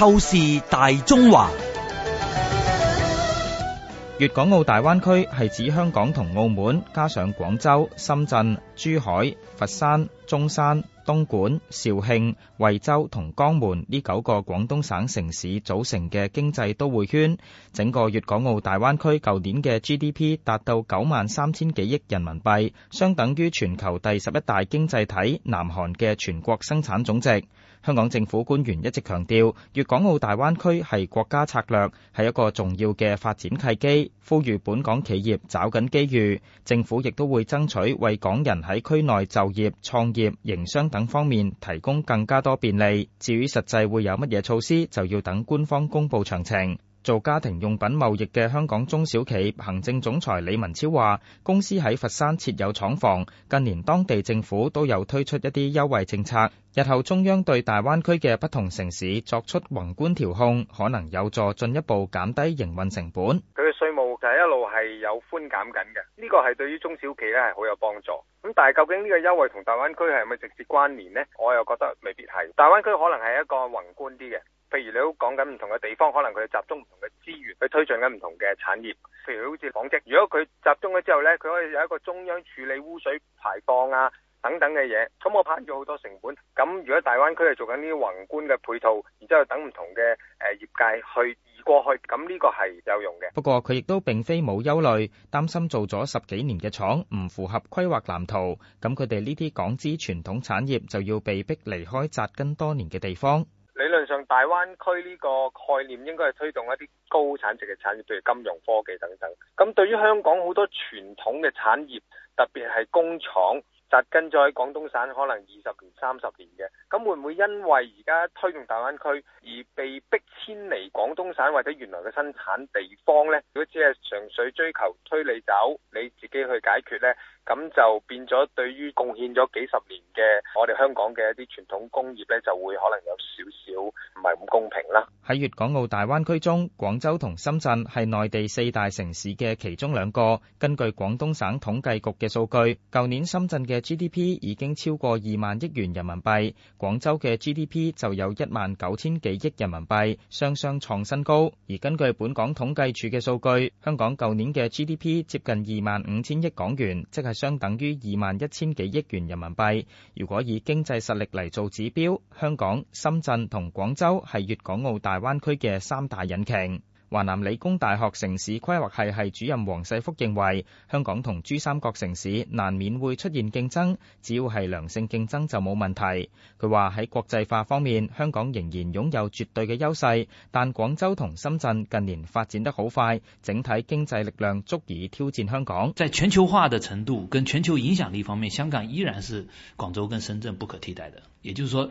透視大中華，粵港澳大灣區係指香港同澳門加上廣州、深圳、珠海、佛山、中山、東莞、肇慶、惠州同江門呢九個廣東省城市組成嘅經濟都會圈。整個粵港澳大灣區舊年嘅 GDP 達到九萬三千幾億人民幣，相等於全球第十一大經濟體南韓嘅全國生產總值。香港政府官員一直強調，粵港澳大灣區係國家策略，係一個重要嘅發展契機，呼籲本港企業找緊機遇。政府亦都會爭取為港人喺區內就業、創業、營商等方面提供更加多便利。至於實際會有乜嘢措施，就要等官方公布詳情。做家庭用品貿易嘅香港中小企行政總裁李文超話，公司喺佛山設有廠房，近年當地政府都有推出一啲優惠政策。日後中央對大灣區嘅不同城市作出宏觀調控，可能有助進一步減低營運成本。佢嘅稅務就係一路係有寬減緊嘅，呢個係對於中小企咧係好有幫助。咁但係究竟呢個優惠同大灣區係咪直接關聯呢？我又覺得未必係，大灣區可能係一個宏觀啲嘅。譬如你都講緊唔同嘅地方，可能佢集中唔同嘅資源去推進緊唔同嘅產業，譬如好似紡織。如果佢集中咗之後呢，佢可以有一個中央處理污水排放啊等等嘅嘢，咁我拍咗好多成本。咁如果大灣區係做緊啲宏觀嘅配套，然之後等唔同嘅誒業界去移過去，咁呢個係有用嘅。不過佢亦都並非冇憂慮，擔心做咗十幾年嘅廠唔符合規劃藍圖，咁佢哋呢啲港資傳統產業就要被迫離開紮根多年嘅地方。理論上，大灣區呢個概念應該係推動一啲高產值嘅產業，譬如金融科技等等。咁對於香港好多傳統嘅產業，特別係工廠扎根咗喺廣東省，可能二十年、三十年嘅，咁會唔會因為而家推動大灣區而被迫遷離廣東省或者原來嘅生產地方呢？如果只係純粹追求推你走，你自己去解決呢？咁就變咗，對於貢獻咗幾十年嘅我哋香港嘅一啲傳統工業咧，就會可能有少少唔係咁公平啦。喺粵港澳大灣區中，廣州同深圳係內地四大城市嘅其中兩個。根據廣東省統計局嘅數據，舊年深圳嘅 GDP 已經超過二萬億元人民幣，廣州嘅 GDP 就有一萬九千幾億人民幣，雙雙創新高。而根據本港統計處嘅數據，香港舊年嘅 GDP 接近二萬五千億港元，即係，相等於二萬一千幾億元人民幣。如果以經濟實力嚟做指標，香港、深圳同廣州係粵港澳大灣區嘅三大引擎。華南理工大學城市規劃系系主任王世福認為，香港同珠三角城市難免會出現競爭，只要係良性競爭就冇問題。佢話喺國際化方面，香港仍然擁有絕對嘅優勢，但廣州同深圳近年發展得好快，整體經濟力量足以挑戰香港。在全球化的程度跟全球影響力方面，香港依然是廣州跟深圳不可替代的。也就是說。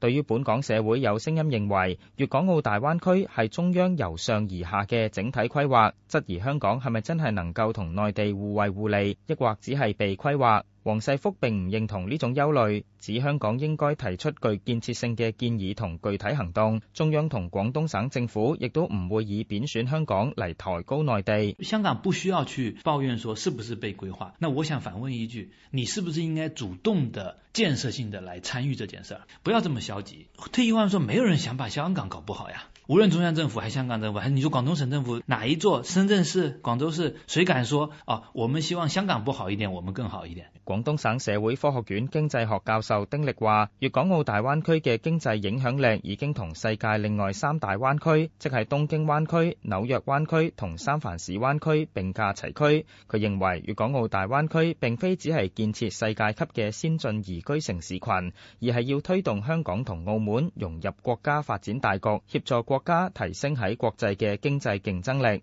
對於本港社會有聲音認為，粵港澳大灣區係中央由上而下嘅整體規劃，質疑香港係咪真係能夠同內地互惠互利，抑或只係被規劃。王世福並唔認同呢種憂慮，指香港應該提出具建設性嘅建議同具體行動。中央同廣東省政府亦都唔會以貶損香港嚟抬高內地。香港不需要去抱怨說是不是被規劃。那我想反問一句，你是不是應該主動的建設性的來參與這件事？不要這麼消極。退一萬說，沒有人想把香港搞不好呀。無論中央政府、還是香港政府，還你說廣東省政府，哪一座深圳市、廣州市，誰敢說啊？我們希望香港不好一點，我們更好一點。廣東省社會科學院經濟學教授丁力話，粵港澳大灣區嘅經濟影響力已經同世界另外三大灣區，即係東京灣區、紐約灣區同三藩市灣區並駕齊驅。佢認為，粵港澳大灣區並非只係建設世界級嘅先進宜居城市群，而係要推動香港同澳門融入國家發展大局，協助國家提升喺國際嘅經濟競爭力。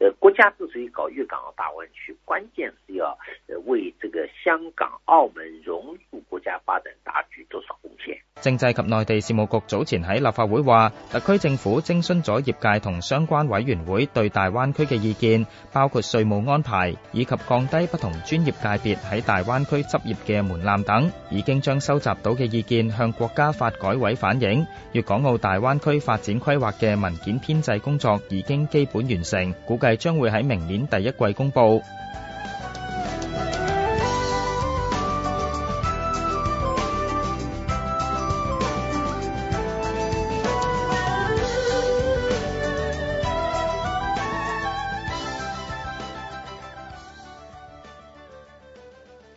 誒，國家之所以搞粵港澳大灣區，關鍵是要為這個香港、澳門融入國家發展大局做上貢獻。政制及內地事務局早前喺立法會話，特區政府徵詢咗業界同相關委員會對大灣區嘅意見，包括稅務安排以及降低不同專業界別喺大灣區執業嘅門檻等，已經將收集到嘅意見向國家發改委反映。粵港澳大灣區發展規劃嘅文件編制工作已經基本完成，估計係將會喺明年第一季公布。